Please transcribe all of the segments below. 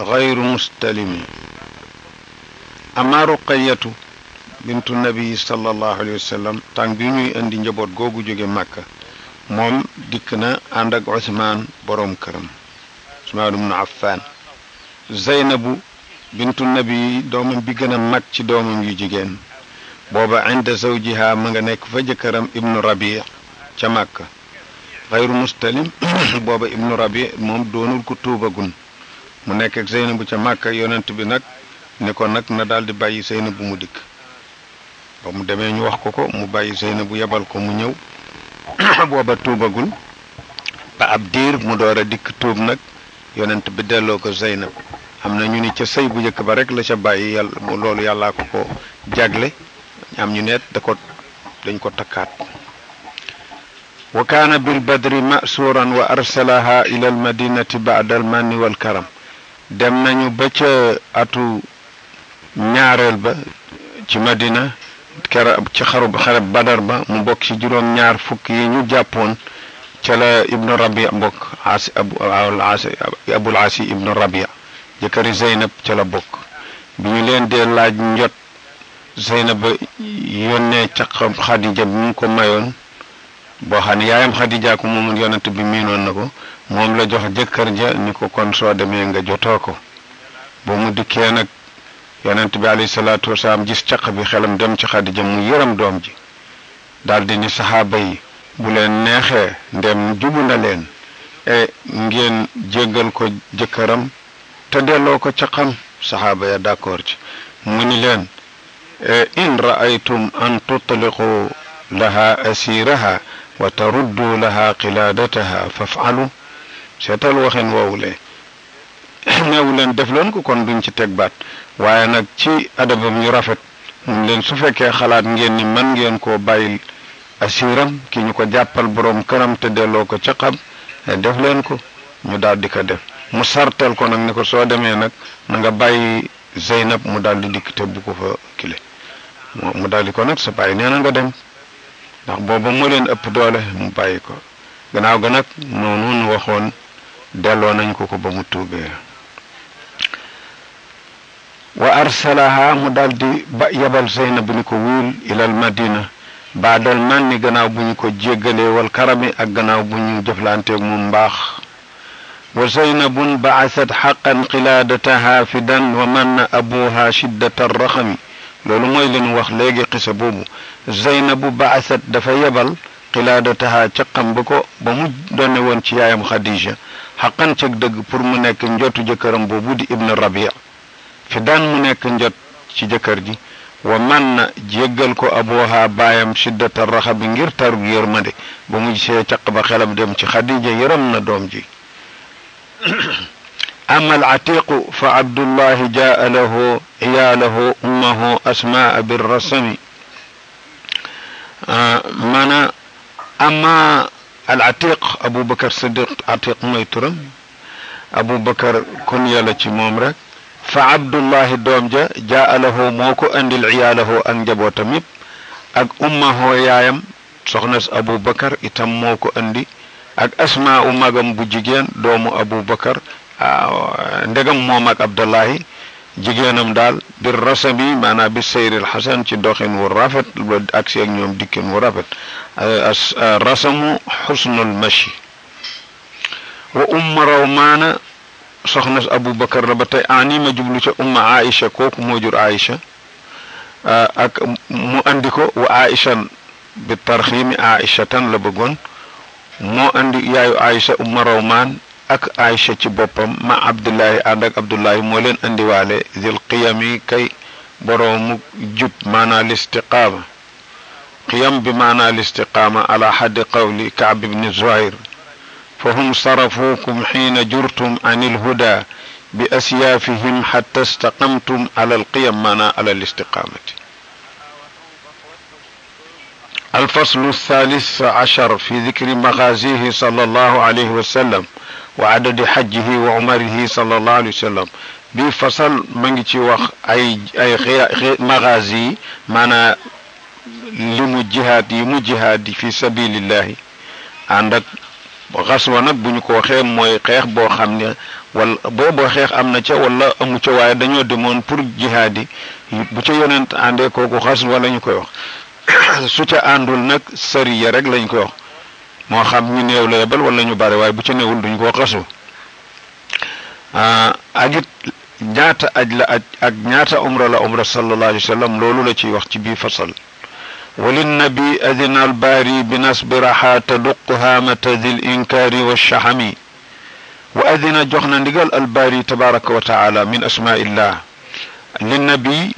غير مستلم أما رقية بنت النبي صلى الله عليه tànk bi ñuy indi njaboot googu jóge Màkka moom dikk na ànd ak Ousmane boroom këram Ousmane ibn Affan Zeynabu bintu nabi doomam bi gën a ci doomam yu jigéen booba inda zawjiha ma nga nekk fa jëkkëram ibnu rabi ca màkk xayru mustalim booba ibnu rabi moom doonul ku tuubagun mu nekk ak Seynabu ca Màkka yonent bi nag ne ko nag na daal di bàyyi Seynabu mu dikk ba mu demee ñu wax ko ko mu bàyyi Seynabu yebal ko mu ñëw booba tuubagul ba ab diir mu door dikk tuub nag yonent bi delloo ko Zeynab am na ñu ni ca sëy bu njëkk ba rek la ca bàyyi yàlla loolu yàllaa ko ko jagle am ñu neet da ko dañ ko takkaat wa kaana bil badri masuran wa arsalaha ila madinati baada al manni karam dem nañu ba ca atu ñaareel ba ci madina kera ci xaru xare badar ba mu bokk ci juróom ñaar fukk yi ñu jàppoon ca la ibnu rabia bokk as abul asi ibnu rabia jëkkëri zeynab ca la bokk bi ñu leen dee laaj njot zeynab ba yónnee ca xadija bi mu ko mayoon boo xam ne yaayam xadija ko moomun yonent bi miinoon na ko moom la jox jëkkër ja ni ko kon soo demee nga jotoo ko ba mu dikkee nag yonent bi alayhi salaatu wasalaam gis caq bi xelam dem ci Xadija mu yëram doom ji daldi ni saxaaba yi bu leen neexee ndem jubu na leen e ngeen jéggal ko jëkkëram te delloo ko caqam saxaaba ya d'accord ci mu ni leen e in ra'aytum an tutliqu laha asiraha wa taruddu laha qilaadataha faf'alu seetal waxin woowule neewu leen def leen ko kon duñ ci teg baat waaye nag ci adabam ñu rafet mun leen su fekkee xalaat ngeen ni man ngeen koo bàyyil asiiram ki ñu ko jàppal boroom këram te delloo ko ca xam def leen ko ñu daal di ko def mu sartal ko nag ni ko soo demee nag na nga bàyyi Zeynab mu daal di dikk te bu ko fa kile mu ko nag sa bàyyi nee na nga dem ndax booba moo leen ëpp doole mu bàyyi ko gannaaw ga nag noonu waxoon delloo nañ ko ko ba mu tuubee wa arsalaha mu daldi ba yabal Zeynab ni ko wuyul ilal madina baadal man ni gannaaw bu ñu ko jéggalee wal karami ak gannaaw bu ñu jëflanteeg moom mbaax wa zeynabun baasat xaqan xilaadataha fidan wa manna abuha shiddata raxami loolu mooy nu wax léegi xisa boobu zeynabu baasat dafa yebal xilaadataha caqam ba ko ba mu donne woon ci yaayam Khadija xaqan cëg dëgg pour mu nekk njotu jëkkëram boobu di ibn Rabia fi daan mu nekk njot ci jëkkër ji wa man na jéggal ko abooha baayam siddata raxa bi ngir tarug yërmande ba mu gisee caq ba dem ci Khadija yërëm na doom ji ama alatiqu fa abdullahi jaa lahu ciyaalahu ummahu asmaa birrasami ah, mana amma al atiq aboubacar sadiq atiq mooy turam aboubacar kon yàlla ci moom rek fa abdullahi doom ja jaa lahu moo ko andil ciyaalahu ak njabootam yëpp ak ummahoo yaayam soxna si abu aboubacar itam moo ko indi ak asmaa u magam bu jigéen doomu abu aboubacar ndegam moom ak abdullahi jigéenam dal bi rasami maanaam bi sayr al hasan ci doxin wu rafet la agsi ak ñom dikkin wu rafet as rasamu al mashi wa um rawmaana soxna abu abubakar la batay ani ma jublu ci um aisha kooku mo jur aisha ak mu andiko wa aisha bi tarhim aisha tan la bëggoon moo andi yaayu aïcha umma rawmaan ak aisha ci boppam ma abdullahi ànd ak abdullahi len andi walé zil qiyami kay boroomu jub maanaa listiqaama qiyam bi maanaa listiqaama ala hadd qawli ka'b ibn zuhair فهم صرفوكم حين جرتم عن الهدى بأسيافهم حتى استقمتم على القيم معنا على الاستقامة الفصل الثالث عشر في ذكر مغازيه صلى الله عليه وسلم wa adadi xajjihi wa umarihi sallallahu alayhi wa sallam bi fasal ma ngi ci wax ay ay xi magazi yi maanaa li mu jihaad yi mu jihaad yi fi sabilillahi ànd ak wa nag bu ñu ko waxee mooy xeex boo xam ne wala booboo xeex am na ca walla amu ca waaye dañoo demoon pour jihaad yi bu ca yonent àndee kooku xaswa la ñu koy wax su ca àndul nag sariya rek lañ koy wax moo xam ñu néew la yebal wala ñu bare waaye bu ci newul duñ koo xasu ajit ah, ñaata aj la aj ak ñaata umra la umra sallallahu alayhi wa sallam loolu la ciy wax ci biir fasal walinnabi adina albaari bi nasbi raxa taduq haamata dil wa adina jox na ndigal albaari tabaraka wa taala min asmaillah linnabi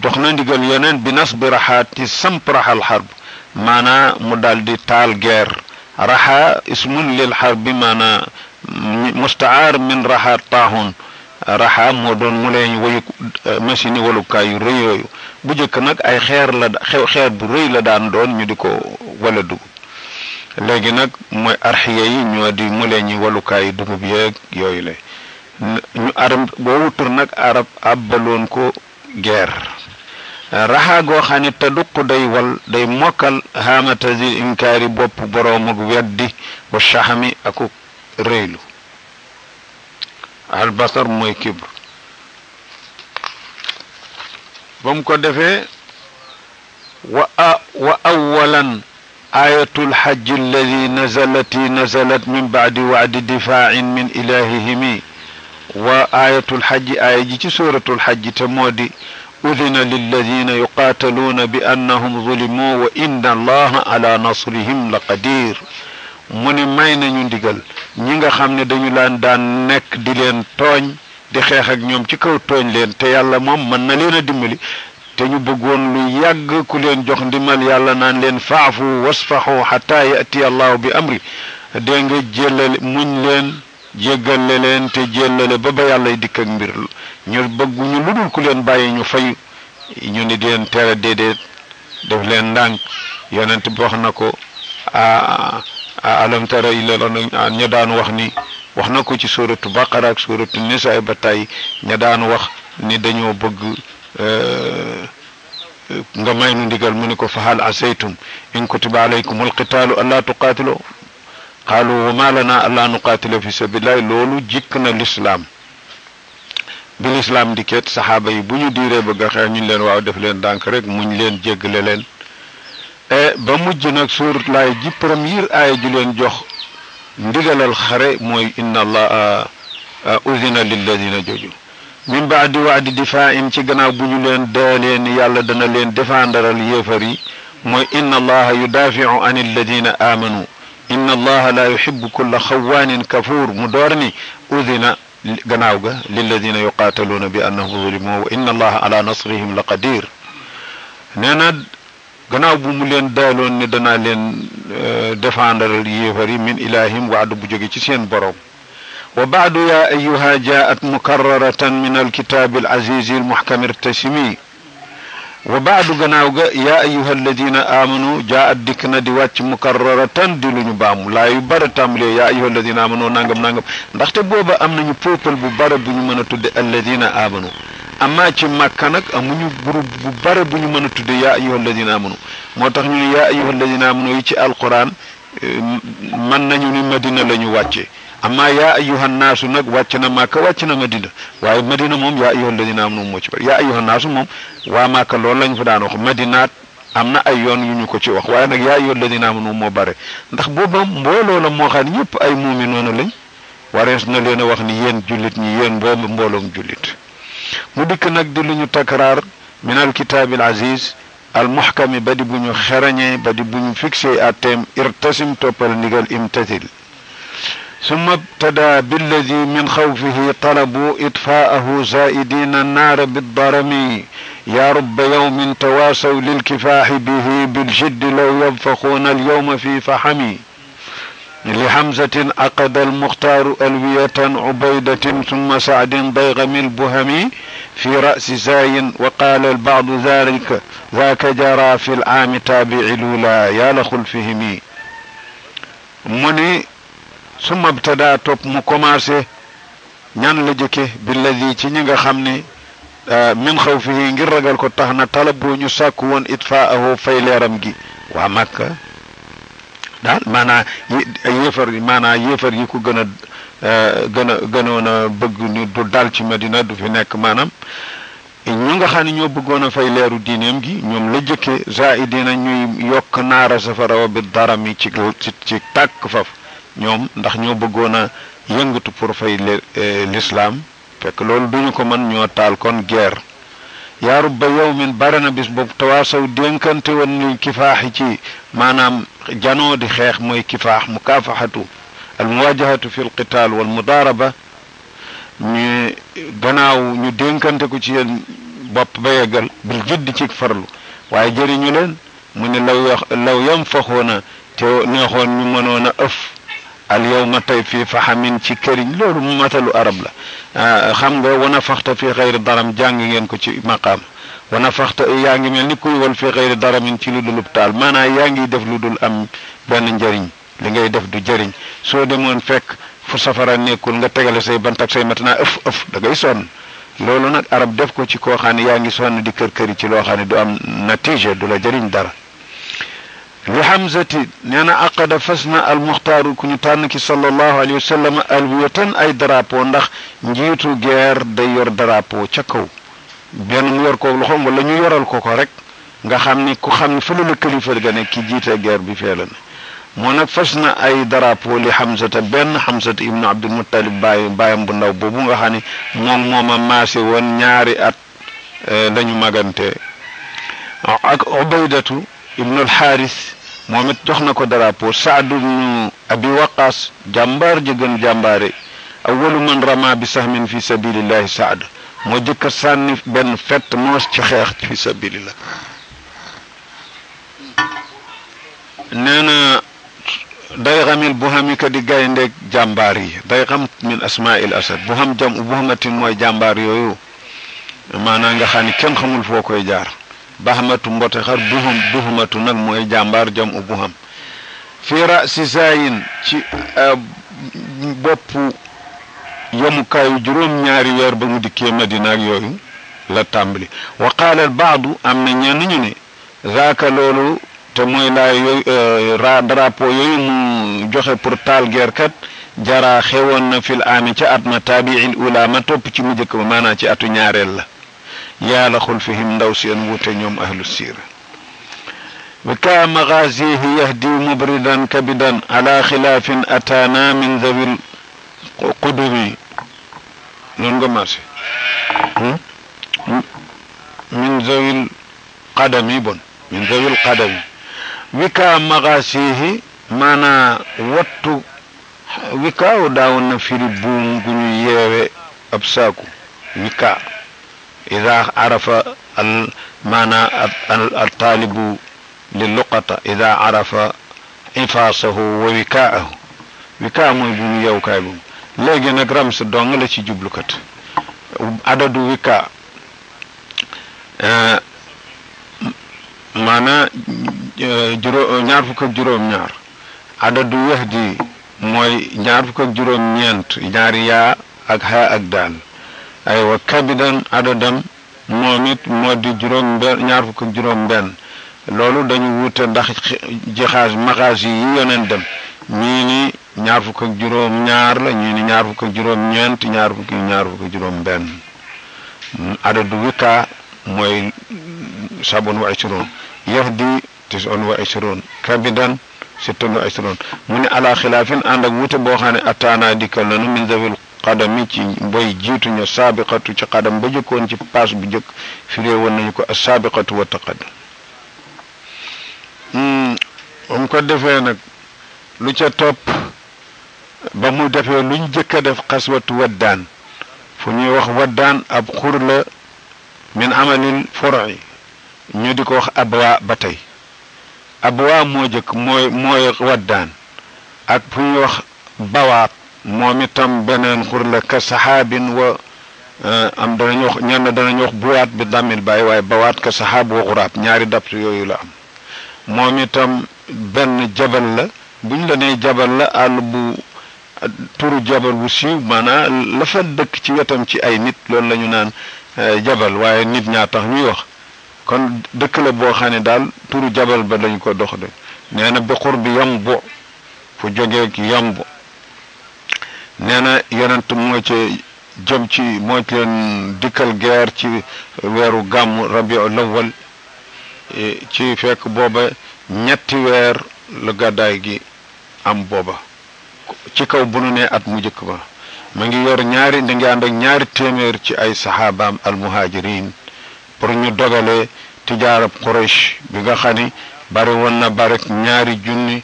jox na ndigal yeneen bi nasbi raxaati samp raxal xarb maanaa mu daal di taal guerre raxa ismun lil xar bi mana mustaar min raxa taaxun raxa moo doon mu leeñ wayu eh, walukaay yu rëy yooyu bu jëkk nag ay xeer la xew xeer bu rëy la daan doon ñu di ko wala dugub léegi nag mooy arxiya yi ñoo di mu leeñi walukaay dugub yéeg yooyu la ñu arab boobu tur nag arab àbbaloon ko guerre raxaa goo xam ne taduq day wal day mokkal hamatazil inkaari bopp boroom ak weddi shaxami aku réylu albasar mooy kibr ba ko defee wa wa awalan ayatul xajji alladi nazalati nazalat min bacdi wacdi ji ci suratul xajji te moo di udina yin yuqaataluuna bi annahum zulimu wa inna allaha ala nasrihim la qadir mu ne may nañu ndigal ñi nga xam ne dañu laan daan nekk di leen tooñ di xeex ak ñoom ci kaw tooñ leen te yàlla moom mën na leen a dimbali te ñu bëggoon lu yàgg ku leen jox ndimal yàlla naan leen faafu wasfaxu xataa yatiya allahu bi amri dee nga jëlal muñ leen jéggal le leen te jéllale ba ba yàlla dikk ak mbir ñu bëgguñu lu dul ku leen bàyyi ñu fay ñu ni leen tere déedéet def leen ndànk yonent bi wax na ko a alam tara ila ña daan wax ni wax na ko ci suratu baqara ak suratu nisaa ba tey ña daan wax ni dañoo bëgg e, e, nga may nu ndigal mu ni ko fahal asaytum in kutiba alaykum alqitaalu allaa tuqaatiloo qaalu wa ma lana allaa nuqaatila fi sabilillahi loolu jikk na lislaam bi lislaam dikkeet saxaaba yi bu ñu diiree bëgg a xeex ñu leen waaw def leen dànk rek muñ leen jéggale leen ba mujj nag suurat laay ji premier aaya ju leen jox ndigalal xare mooy inna allaha udina lilladina joju min baadi waadi difaa'in ci gannaaw bu ñu leen daalee ni yàlla dana leen défendaral yéefar yi mooy inna yu yudaafiu an alladina amanu inna allaha la yuhibbu kulla xawaanin kafuur mu door ni udina gannaaw ga lilladina yuqaataluuna bi annahum zulimu wa inna allaha ala nasrihim la qadir nee na gannaaw bu mu leen daaloon ne danaa leen euh, défendre yéefari min ilahim waadu bu jóge ci seen borom wa baadu yaa ayuha jaat mukarraratan min alkitaabi alazizi almuhkami irtasimi wa baadu gannaaw ga yaa ayuha alladina amanu jaat dikk na di wàcc mukarraratan di lu ñu baamu laa yu bare tàmbalee yaa ayuha alladina amanu nangam nangam ndaxte booba am nañu peuple bu bare bu ñu mën a tudde alladina amanu amaa ci màkka nag amuñu groupe bu bare bu ñu mën a tudde yaa ayuha alladina amanu moo tax ñu ne yaa ayuha alladina amanu yi ci alquran eh, mën nañu ni madina la ñu wàcce amma yaa ayyuhan naasu nag wàcc na màkka wàcc na madina waaye madina moom yaa ayyuhal ladina amanu moo ci bari yaa ayyuhan naasu moom waa màkka loolu lañ fa daan wax madinaat am na ay yoon yu ñu ko ci wax waaye nag yaa ayyuhal ladina amanu moo bare ndax booba mbooloo la moo xam ne ñëpp ay muumi noonu lañ warees na leen a wax ni yéen julit ñi yéen boobu mbooloom julit mu dikk nag di lu ñu takraar min al kitaabil al muhkami ba di bu ñu xerañee ba bu ñu fixé à thème irtasim toppal ndigal imtasil ثم ابتدى بالذي من خوفه طلبوا إطفاءه زائدين النار بالضرم يا رب يوم تواسوا للكفاح به بالجد لو ينفخون اليوم في فحمي لحمزة أقد المختار ألوية عبيدة ثم سعد ضيغم البهمي في رأس زاي وقال البعض ذلك ذاك جرى في العام تابع لولا يا لخلفهم مني su mabtadaa topp mu commencé ñaan la jëkke billadi ci ñi nga xam ni euh, min xaw fii ngir ragal ko tax na talabu ñu sàkk woon it fa itfaahu fay leeram gi waa Màkka daal maanaa yéefar yi maanaa yéefar yi ko gën a euh, gën a gënoon a bëgg ni du dal ci Madina du fi nekk maanaam ñu nga xam ne ñoo bëggoon a fay leeru diineem gi ñoom la jëkke zaidina ñuy yokk naara safara wa bi darami ci ci tàkk faf ñoom ndax ñoo bëggoon a yëngatu pour fay eh, lislaam fekk loolu duñu ko mën ñoo taal kon guerre yaarub ba yow min bare na bis boobu tawaasaw dénkante woon ni kifaaxi ci maanaam janoo di xeex mooy kifaax mu kaafaxatu al muwaajahatu fi lqitaal wal mudaaraba ñu gannaaw ñu dénkante ko ci yéen bopp ba yeggal bil jiddi ci farlu waaye jëriñu leen mu ne law law yam faxoona te neexoon ñu mënoon a ëf al yawma tey fii fahamin ci këriñ loolu matalu arab la xam nga wana faxta fii xayri daram jàng ngeen ko ci maqaam wana faxta yaa ngi mel ni kuy wal fii xayri daramin ci lu dulub taal maanaam yaa ngi def lu dul am benn njariñ li ngay def du jëriñ soo de demoon fekk fu safara nekkul nga tegale say bant ak say matanaa ëf ëf da ngay sonn loolu nag arab def ko ci koo xam yaa ngi sonn di kër këri ci loo xam ne du am natiija du la jariñ dara li hamzati nee na aqada fas na almuxtaaru ku ñu tànn ki sallallahu alayhi wa ay drapeau ndax njiitu geer day yor drapeau ca kaw benn mu yor ko loxoom wala ñu yoral ko ko rek nga xam ni ku xam ne fële la kilifa ga ne ki jiite guerre bi fee la ne moo nag fas na ay drapeau li hamzata benn hamzata ibnu abdul muttalib bàyyi bàyyam bu ndaw boobu nga xam ni moom mooma maase woon ñaari at eh, lañu magante ak ubaydatu ibnul xaaris moom it jox na ko drapeau saadu ibnu abi waqaas jàmbaar ji gën jàmbaare man rama bi sahmin fi sabilillahi saad moo jëkk a sànni benn fett moos ci xeex fi sabilillah nee na day xamil bu xam ka di gayndeeg jàmbaar yi day xam min asmail asad bu xam jam bu xamatin mooy jàmbaar yooyu maanaam nga xam ni kenn xamul foo koy jaar baxmatu mbote xar buhum buhumatu nag mooy jàmbaar jam u buham fii raasi saayin ci boppu yomukaayu juróom ñaari weer ba mu dikkee madina ak yooyu la tàmbali wa qaala al baadu am na ñenn ñu ni zaaka loolu te mooy laa yooyu e, ra drapeau yooyu mu joxe pour taal guerre kat jaraa xewoon na fil aami ci at ma taabiil ula ma topp ci mu njëkk ba maanaam ci atu ñaareel la yaala xulfihim ndaw seen wute ñoom ahlu siira wa kaa yahdi mubridan kabidan ala xilaafin ataana min zawil qudumi loolu nga marché hmm? qadami bon min zawil qadami wika magaasihi maanaa wattu wikaaw daawoon na yeewe ab saaku ida arafa al maana al taalibu lil luqata ida arafa ifaasahu wa wikaahu wikaa mooy bu ñu yewkaay bu léegi nag rams dong la ci jublukat adadu wikaa maanaa juróom ñaar fukk ak juróom-ñaar adadu wahdi mooy ñaar fukk ak juróom-ñeent ñaari yaa ak haa ak daal ay wa kabidan adadam moom it moo di juróom benn ñaar loolu dañu wute ndax jixaas maxaas yi yoneen dem ñii ni ñaar fukk ak juróom ñaar la ñii ni ñaar fukk ak juróom ñeent ñaar fukk ñaar fukk ak juróom benn adadu wika mooy sabun wa isron yaf di tison wa isron kabidan sittun wa isron mu ne ala xilaafin ànd ak wute boo xam ne attaanaa dikkal nanu min zawil xadami ci boy jiituñu saabiqatu ci xadam ba jëkkoon ci paas bu jëkk woon nañu ko as-saabiqatu wa taqaddum hmm, mu defee nag lu ca topp ba mu defee luñ jëkk a def xaswatu daan fu ñuy wax waddaan ab xur la min amalil foroxi ñu di ko wax abwa ba tey abwa moo jëkk mooy mooy waddaan ak fu ñuy wax bawaat moom itam beneen xur la saxaabin wa eh, am danañ wax ñenn danañ wax buwaat bi dàmmil bàyyi waaye bawaat ka saxaab wa xuraat ñaari dapt yooyu la am moom itam benn jabal la bu ñu la nee jabal la àll bu turu jabal bu siiw maanaam la fa dëkk ci wetam ci ay nit loolu la ñu naan eh, jabal waaye nit ñaa tax ñuy wax kon dëkk la boo xam ne daal turu jabal ba dañ ko dox de nee bi xur bi yambu fu jógee yambu nee na yonent moo ci jëm ci moo leen dikkal guerre ci weeru gàmm rabiul awwal e, ci fekk booba ñetti weer la gàddaay gi am booba ci kaw bu nu nee at mu njëkk ba mu ngi yor ñaari da ànd ak ñaari téeméer ci ay saxaabaam almuhajirin pour ñu dogale tijaarab Quraysh bi nga xam ni bari woon na barek ñaari junni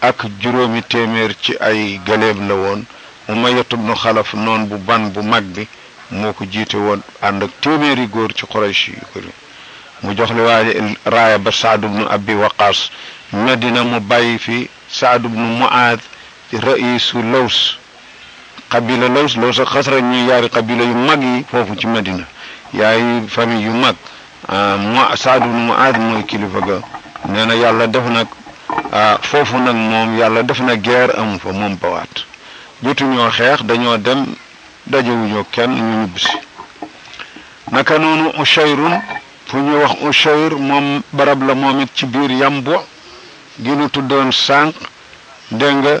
ak juróomi téeméer ci ay gëléem la woon umayyatu ibn xalaf noon bu ban bu mag bi moo ko jiite woon ànd ak téeméeri góor ci xoraysi yu ko mu jox li waaye raaya ba saadu ibn abi waqas medina mu bàyyi fi saadu ibn muaad raisu laws xabila laws laws ak xasra ñuy yaari xabila yu mag yi foofu ci medina yaay famille yu mag ah, mu saadu ibn muaad mooy kilifa ga nee na yàlla def nag ah, foofu nag moom yàlla def na guerre amu fa moom bawaat jotu ñoo xeex dañoo dem ñoo kenn ñu ñibbisi naka noonu ushayrun fu ñu wax ushayr moom barab la moom ci biir yambo gi nu tuddoon sànq dégg nga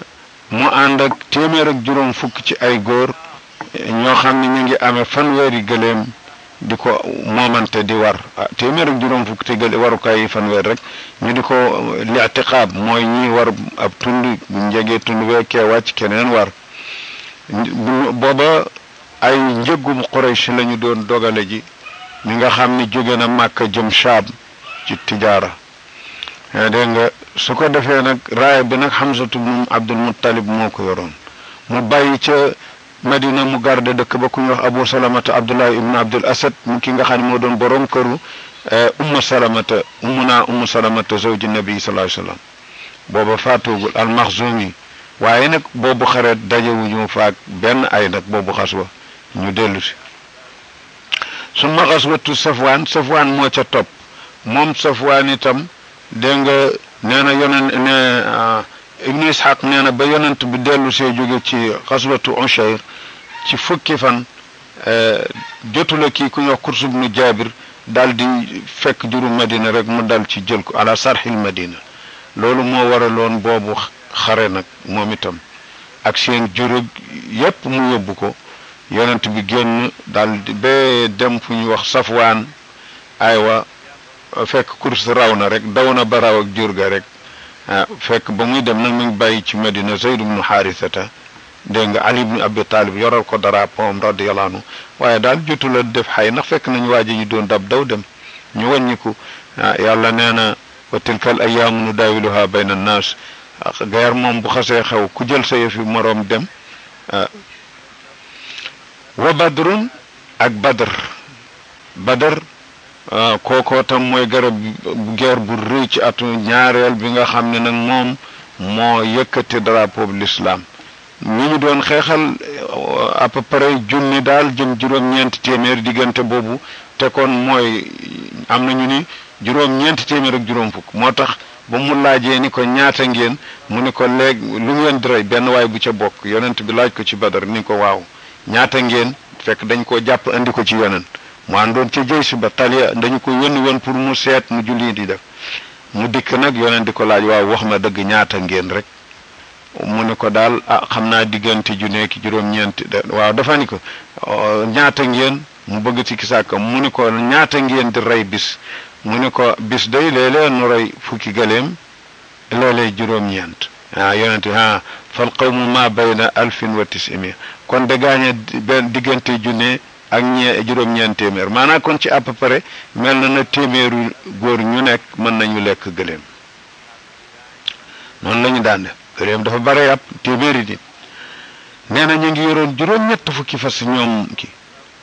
mu ànd ak téeméer ak juróom fukk ci ay góor ñoo xam ne ñu ngi amé fanweeri gëleem di ko moomante di war ah, téeméer ak juróom fukk te gële warukaay yi fanweer rek ñu di ko li'tiqaab mooy ñi war ab tund bu njegee tund weekee wàcc keneen war booba ay njëggum Quraysh la ñu doon dogale ji mi nga xam ni jóge na Màkka jëm Shaam ci tijaara eh, dégg nga su ko defee nag raaya bi nag Hamzatu ibn Abdul Muttalib moo ko yoroon mu bàyyi ca Madina mu garde dëkk ba ku ñuy wax Abu Salamata Abdullahi ibn Abdul Asad mu ki nga xam ne moo doon borom këru eh, umma salamata umuna umma ummu salamata zawji nabi sallallahu alayhi wasallam booba faatoogul al-Maxzumi waaye nag boobu xareet dajewuñu faak benn ay nag boobu xaswa ñu dellusi su ma xaswatu safwaan safwaan moo ca topp moom safwaan itam dégg nga nee na yonen ne ah, ibnu ishaq nee na ba yonent bi dellu see jóge ci xaswatu Ushayr ci fukki fan eh, jotula kii ku ñuy wax kursu ibnu jaabir daal di fekk juru madina rek mu dal ci jël ko ala sarxil madina loolu moo waraloon boobu xare nag moom itam ak seen juróom yépp mu yóbbu ko yonent bi génn daal di dem fu ñu wax safwaan wa fekk course raw na rek daw na ba raw ak jur ga rek ah, fekk ba muy dem nag mu ngi bàyyi ci Medina Zayd ibnu Xaarisata dégg nga Ali ibnu Abi Taalib yoral ko dara am radiyallaahu anhu waaye daal jotu la def xay ndax fekk nañu waa ji ñu doon dab daw dem ñu wàññiku ah, yàlla nee na wa tilkal ayyaamu nudaawiluhaa bayna naas guerre moom bu xasee xew ku jël sa yëfi moroom dem euh, wa badrun ak badr badr euh, kookoo tam mooy garab guerre bu rëy ci atu ñaareel bi nga xam ne nag moom moo yëkkati drapeau bi l'islam ñi ñu doon xeexal euh, à peu près junni daal jëm juróom-ñeenti téeméer diggante boobu te kon mooy am na ñu ni juróom-ñeenti téeméer ak juróom fukk moo tax ba mu laajee ni ko ñaata ngeen mu ni ko léeg lu ngeen di rey benn waay bu ca bokk yonent bi laaj ko ci badar ni ko waaw ñaata ngeen fekk dañ koo jàpp andi ko ci yonent mu àndoon ca jëy si ba talia dañu ko yónni woon pour mu seet mu julli di def mu dikk nag yonent di ko laaj waaw wax ma dëgg ñaata ngeen rek mu ne ko daal ah xam naa diggante ju nekk juróom-ñeenti de waaw dafa ni ko oh, ñaata ngeen mu bëgg ci kisaaka mu ni ko ñaata ngeen di rey bis mu ne ko bis day léeg-léeg nu fukki gëléem loolee juróom-ñeent ah yonente ah fal qawmu ma bayna alfin wa tisimia kon da benn diggante junne ak ñee juróom-ñeent téeméer maanaam kon ci à peu mel na na téeméeru góor ñu nekk mën nañu lekk gëléem noonu la daan def gëléem dafa bare yàpp téeméeri nit nee na ñu ngi yoroon juróom-ñett fukki fas ñoom ki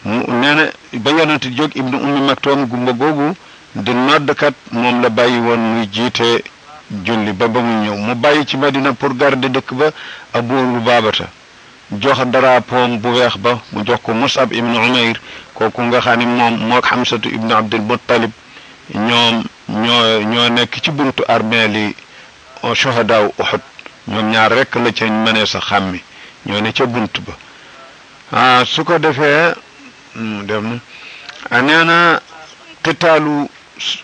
mu nee na ba yonente jóg ibnu ummi maktoom gumba googu di noddkat moom la bàyyi woon muy jiite julli ba ba mu ñëw mu bàyyi ci Medina pour garder dëkk ba Abu Lubaabata jox darapoom bu weex ba mu jox ko Musab ibn Umayr kooku nga xam ne moom moo Xamsatu ibn Abdul Muttalib ñoom ñoo nekk ci buntu armeel yi shuhadaa Uhud ñoom ñaar rekk la ca mënee sa xàmmi ñoo ne ca bunt ba su ko defee dem na qitaalu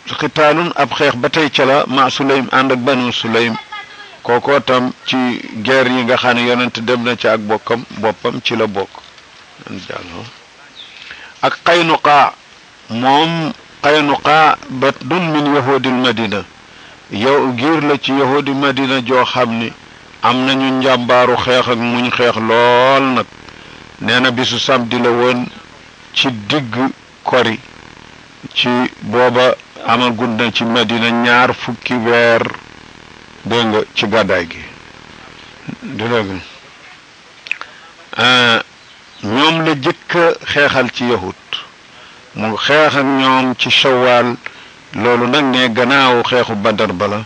xitaalun ab xeex ba tey ca la ma sulaym ànd ak banu sulaym kookoo tam ci ger yi nga xan ne dem na ci ak bokkam boppam ci la bokk ak Qaynuqaa moom Qaynuqaa batnun min yahudil madina yow giir la ci yahudi madina joo xam ni am nañu njàmbaaru xeex ak muñ xeex lool nag nee na bisu di la woon ci digg kori ci booba amal gud na ci madina ñaar fukki weer dégg ci gàddaay gi du ah, ñoom la jëkk xeexal ci yahut mu xeex ak ñoom ci shawaal loolu nag ne gannaaw xeexu badar bala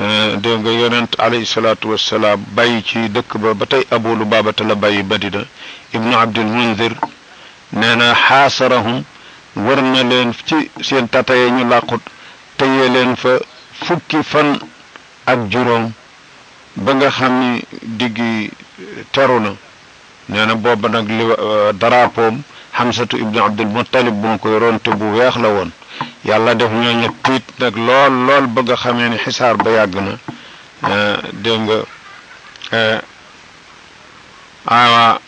ah, dégg nga yonent alayhi salaatu wassalaam bàyyi ci dëkk ba ba tey abolu baabata la bàyyi madina ibnu abdul mundir nee na xaasarahum wër na leen ci seen tata yi ñu làqut teye leen fa fukki fan ak juróom ba nga xam ni diggi eh, teru na nee na booba nag li eh, darapoom xamsatu ibnu abdul muttalib bu koy ronte bu weex la woon yàlla def ñooñu tiit nag lool lool bëgg a xamee ni xisaar ba yàgg na eh, dégg nga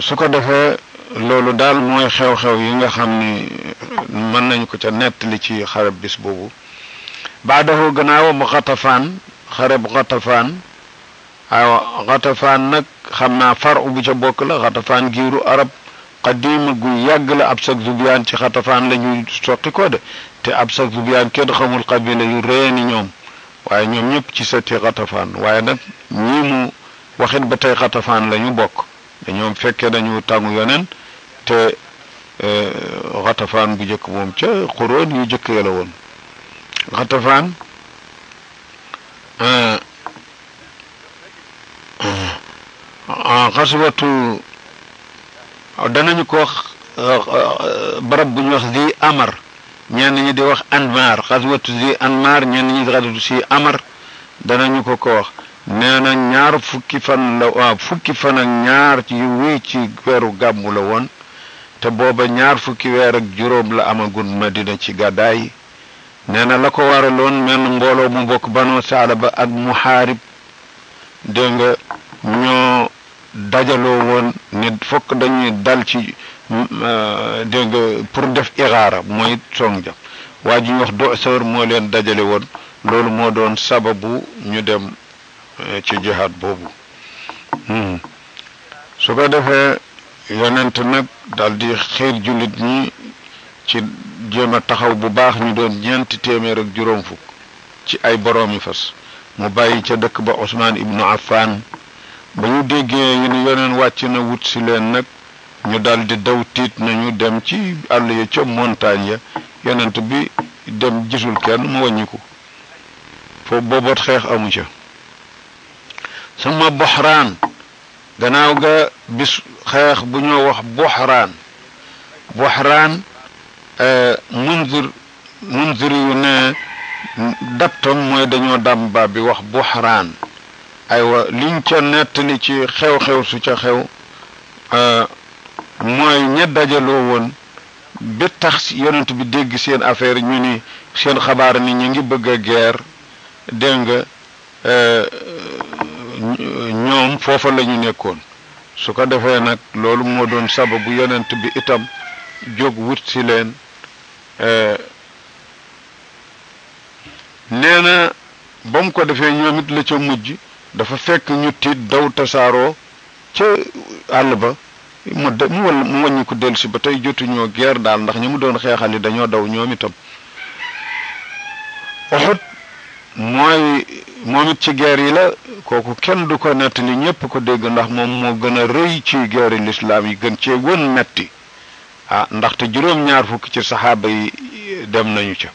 su ko defee loolu daal mooy xew-xew yi nga xam ni mën nañ ko ca nettali ci xarab bis boobu baadahu gannaawam xatafaan xarab xatafaan waaw xatafaan nag xam naa faru bu ca bokk la xatafaan giiru arab qadiima gu yàgg la ab sag zubiyaan ci xatafaan lañu ñuy soqi ko de te ab sag zubiyaan kenn xamul qabila yu rëy ni ñoom waaye ñoom ñëpp ci sëti xatafaan waaye nag ñii mu waxit ba tey xatafaan lañu bokk te fekkee dañu tàngu yoneen te xatafaan e, bu njëkk moom ca xuróon yu njëkk la woon xatafaan e, e, xaswatu danañu ko barab bu ñu wax zi amar ñenn ñi di wax anmar xaswatu zi anmar ñenn ñi di xaswatu si amar danañu ko ko wax nee ñaar fukki fan la fukki fan ñaar ci wii ci weeru gàmmu la woon te booba ñaar fukki weer ak juróom la amagun madina ci gàddaay yi nee na la ko waraloon menn mbooloo mu bokk banoo saalaba ak muhaarib dégg nga ñoo dajaloo woon ne fokk dañuy dal ci mm, euh, dégg nga pour def ixaara mooy song ja waa ji ñu wax do moo leen dajale woon loolu moo doon sababu ñu dem euh, ci jihaad boobu hmm. su ko defee yonent nag daldi xiir jullit ñi ci jéem a taxaw bu baax ñu doon ñeenti téeméer ak juróom fukk ci ay boroomi fas mu bàyyi ca dëkk ba Ousmane ibnu Affan ba ñu déggee ñu ne yoneen wàcc na wut si leen nag ñu daldi daw tiit nañu dem ci àll ya ca montagne ya yonent bi dem gisul kenn mu wàññiku foofu booboot xeex amu ca sama boxraan gannaaw ga bis xeex bu ñoo wax boxraan boxraan eh, munzir munzir yu ne dabtam mooy dañoo dam baab bi wax boxraan aywa liñ ca nettali ci xew-xew su ca xew eh, mooy ña dajaloo woon ba tax yonent bi dégg seen affaire ñu ni seen xabaar ni ñu ngi bëgg a guerre dégg nga eh, ñoom foofa la ñu nekkoon su ko defee nag loolu moo doon sababu yonent bi itam jóg wut si leen e, nee na ba mu ko defee ñoom it la ca mujj dafa fekk ñu tiit daw tasaaroo ca àll ba mu de mu wal mu ko dellu si ba tey jotuñoo guerre daal ndax ñu mu doon xeexali dañoo daw ñoom itam mooy moom it ci guerre yi la kooku kenn du ko nettali ñëpp ko dégg ndax moom moo gën a rëy ci guerre lislaam yi gën cee wën metti ah ndaxte juróom-ñaar fukki ci saxaaba yi dem nañu ca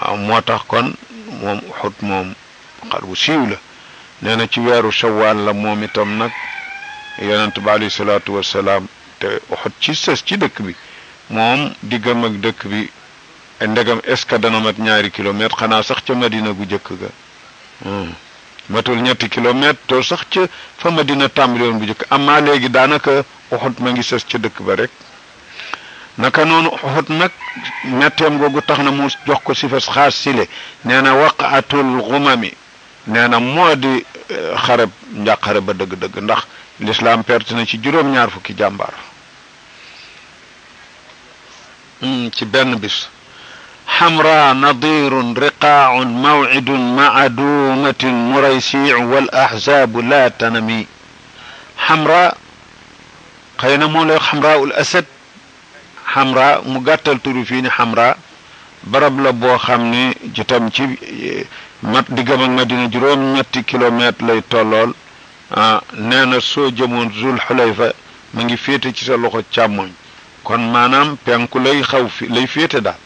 ah, moo tax kon moom Uhud moom xar bu siiw la nee na ci weeru shawaal la moom itam nag yonent bi alayhi salaatu wasalaam te Uhud ci sës ci dëkk bi moom diggam ak dëkk bi ndegam est-ce que dana mat ñaari kilomètre xanaa sax ca Madina gu jëkk ga matul ñetti kilomètre to sax ca fa ma dina tàmbali woon bu njëkk amaa léegi daanaka Uhud ma ngi sës ca dëkk ba rek naka noonu Uhud nag metteem googu tax na mu jox ko sifas xaas sile nee na waqaatul xumami nee na moo di eh, xareb njàqare ba dëgg-dëgg ndax lislaam perte na ci juróom-ñaar fukki jàmbar hmm, ci benn bis حمراء نضير رقاع موعد مع دومة مريسيع والأحزاب لا تنمي حمراء xëy na moo lay xamraa ul asad xamraa mu gàttal turu fii ni xamraa barab la boo xam ne jitam ci mat diggam ak Madina juróom ñetti kilomètre lay tollool ah nee na soo jëmoon zul xulayfa ma ngi féete ci sa loxo càmmoñ kon maanaam penku lay xaw fi lay féete daal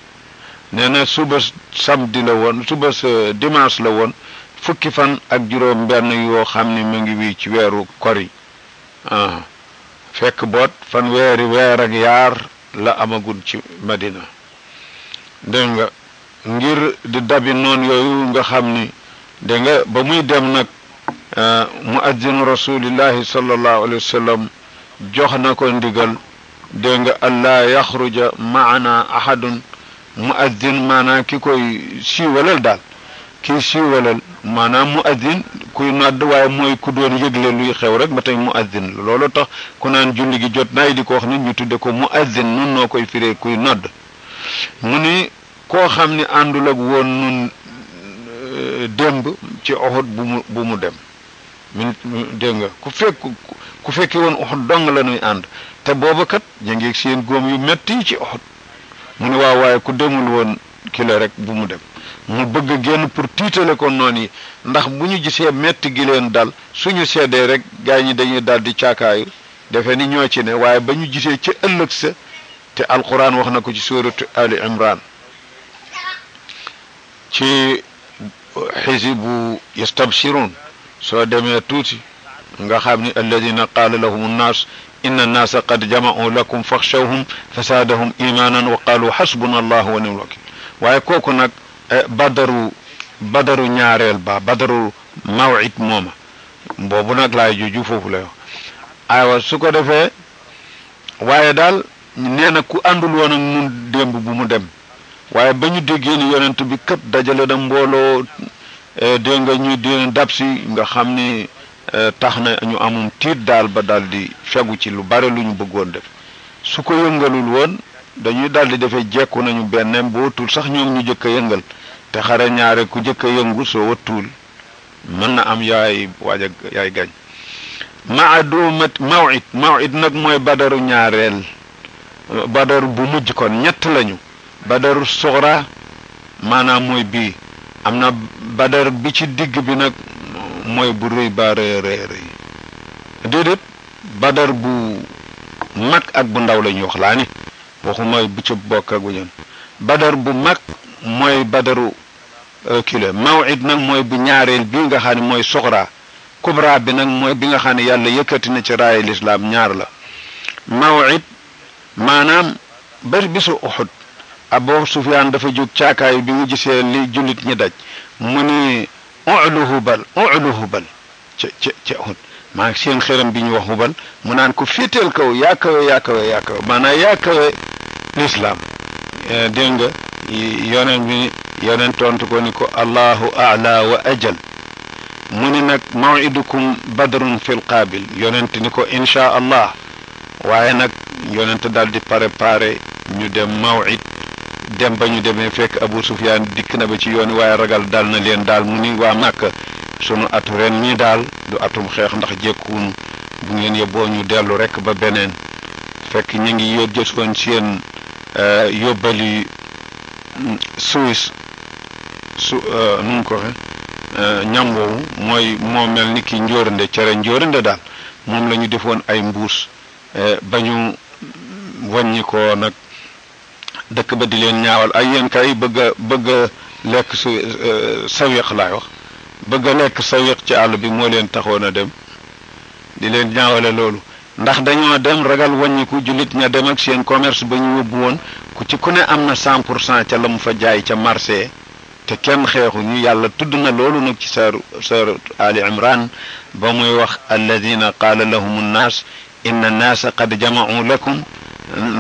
nee na suba samedi la woon suba dimanche la woon fukki fan ak juróom benn yoo xam ne mu ngi wii ci weeru kori ah fekk boot fan weeri weer ak yaar la amagul ci Madina dégg nga ngir di dabi noon yooyu nga xam ni dégg ba muy dem nag ah, mu addinu rasulillahi sallallahu alayhi wa jox na ko ndigal dégg nga allaa yaxruja maana ahadun mu muaddin maanaam ki koy siiwalal daal kii siiwalal maanaam muaddin kuy nodd waaye mooy ku doon yëgle luy xew rek ba tey mu la loolu tax ku naan julli gi jot naay di ko wax nit ñu tudde ko mu muaddin nun noo koy firee kuy nodd mu ni koo xam ni àndul ak woon nun euh, démb ci oxut bu mu bu mu dem min dégg nga ku fekk ku fekki woon oxut dong la ñuy ànd te booba kat ñu ngi seen góom yu metti ci oxut mu ne waaw waaye ku demul woon kilo rek bu mu dem mu bëgg a génn pour tiitale ko noonu yi ndax bu ñu gisee métti gi leen dal suñu seddee rek gaa ñi dañuy dal di caakaayu defe ni ñoo ci ne waaye ba ñu gisee ca ëllëg sa te alquran wax na ko ci suratu ali imran ci xisibu yastabsirun soo demee tuuti nga xam ni alladina qaala lahum nnaas inna annaasa qad jama'u lakum faxshawhum fasaadahum imaanan wa qaalu xasbuna allah wa ni'mal wakiil waaye kooku nag eh, badaru ñaareel ba badaru mawcid mooma boobu nag laay juju foofu la yoo aywa su ko defee waaye daal nee na ku àndul woon ak nun bu mu dem waaye ba ñu déggee ni yonent bi kat dajale da mbooloo eh, dégg nga ñu dina dab si nga xam ni Euh, tax na ñu amum tiit daal ba daldi fegu ci lu bare lu ñu bëggoon def su ko yëngalul woon dañuy daldi defe defee jekku nañu benn bootul sax ñoom ñu jëkk a yëngal te xare ñaare ku jëkk a yëngu soo wattuwul mën na am yaay waaj yaay gañ maa duumat mawid mawid nag mooy badaru ñaareel badaru bu mujj kon ñett lañu badaru suxra maanaam mooy bii am na badar bi ci digg bi nag mooy bu rëy baa badar bu mag ak bu ndaw la ñuy wax waxu mooy bu ci bokk ak bu badar bu mag mooy badaru euh, kilo mawid nag mooy bu ñaareel bi nga xam mooy soxra kubra bi nag mooy bi nga xam ne yàlla yëkkati na ci raayil lislaam ñaar la mawid maanaam ba bisu uxud Abu Sufyaan dafa jóg caakaayu bi mu gisee li jullit ñi daj mu ni ulu hubal ulu hubal ca ca ca Uhud maa ngi seen bi ñu wax hubal mu naan ko féeteel kaw yaa kawe yaa kawe yaa kawe maanaam yaa kawe lislaam eh, dégg nga yoneen tontu ko ni ko allahu ala ajal mu ni nag mawidukum badrun fil qaabil yonent ni ko inchaa allah waaye nag yonent daal di préparé ñu dem mawid dem ba ñu demee fekk Abu Sufyaan dikk na ba ci yoon waaye ragal dal na leen daal mu ni waa Màkka sunu atu ren mii daal du atum xeex ndax jekkuwun bu ngeen yóbboo ñu dellu rekk ba beneen fekk ñu ngi yób jotoon seen euh, yóbbali mm, suis su euh, nu mu euh, ñam woowu mooy moo mel ni ki njóorinde cere njóorinde daal moom la defoon ay mbuus ba ñu wàññi nag dëkk ba di leen ñaawal ay yéen kay bëgg a bëgg a lekk su eh, sawiq laay wax bëgg a lekk sawiq ci àll bi moo leen taxoon a dem di leen ñaawale loolu ndax dañoo dem ragal wàññiku jullit ña dem ak seen commerce ba ñu yóbbu woon ku ci ku ne am na cent pour cent ca la mu fa jaay ca marché te kenn xeexu ñu yàlla tudd na loolu nag ci sar sar ali imran ba muy wax alladina qaala lahum nnaas inna nnaasa qad jama'u lakum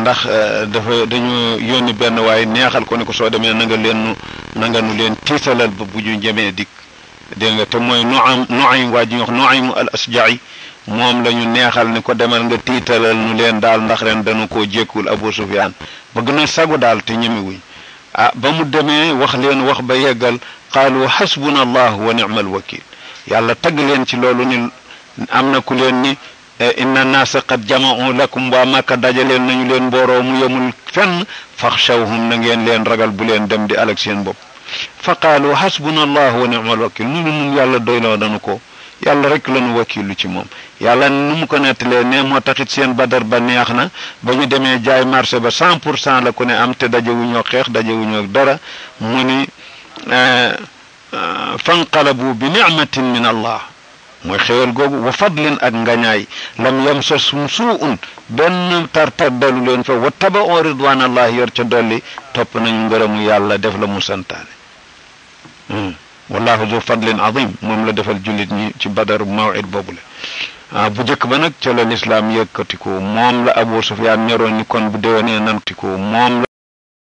ndax euh, dafa dañu yónni benn waaye neexal ko ne ko soo demee na nga leen na nga nu leen tiitalal ba bu ñu jëmee dikk dégg nga te mooy no am noim waa ji ñu wax noimu al asja'i moom lañu neexal ni ko demal nga tiitalal nu leen daal ndax leen dañu koo jékkul Abu Sufyaan bëgg na sagu daal te ñemewuñ a ah, ba mu demee wax leen wax ba yeggal qaalu xasbuna allah wa ni'mal wakil yàlla tagg leen ci loolu ni am na ku leen ni inna naasa qad jama'u lakum waa màkka dajaleen nañu leen mbooroo mu yemul fax faxshawhum na ngeen leen ragal bu leen dem di alag seen bopp fa qaalu hasbuna allah wa ni'mal wakil nu nun yàlla doyloo danu ko yàlla rek lañu wakilu ci moom yàlla nu mu ko nettalee ne moo taxit seen badar ba neex na ba ñu demee jaay marché ba cent pour cent la ko ne am te dajewuñoo xeex dajewuñoo dara mu ni eh, eh, fanqalabu bi ni'matin min allah mooy xéwal googu wa fadlin ak ngañaay lam yam yamsasum suun benn tartar dalu leen fa wa taba on tabaoo ridwaanallahi yor ca dolli topp nañu ngërëmu yàlla def la mu santaane wallahu zu fadlin azim moom la defal jullit ñi ci badar mawid boobu la ah bu jëkk ba nag ca la lislaam yëkkatiku moom la abou Sufyaan ñoroon ni kon bu déwénee nantiku moom la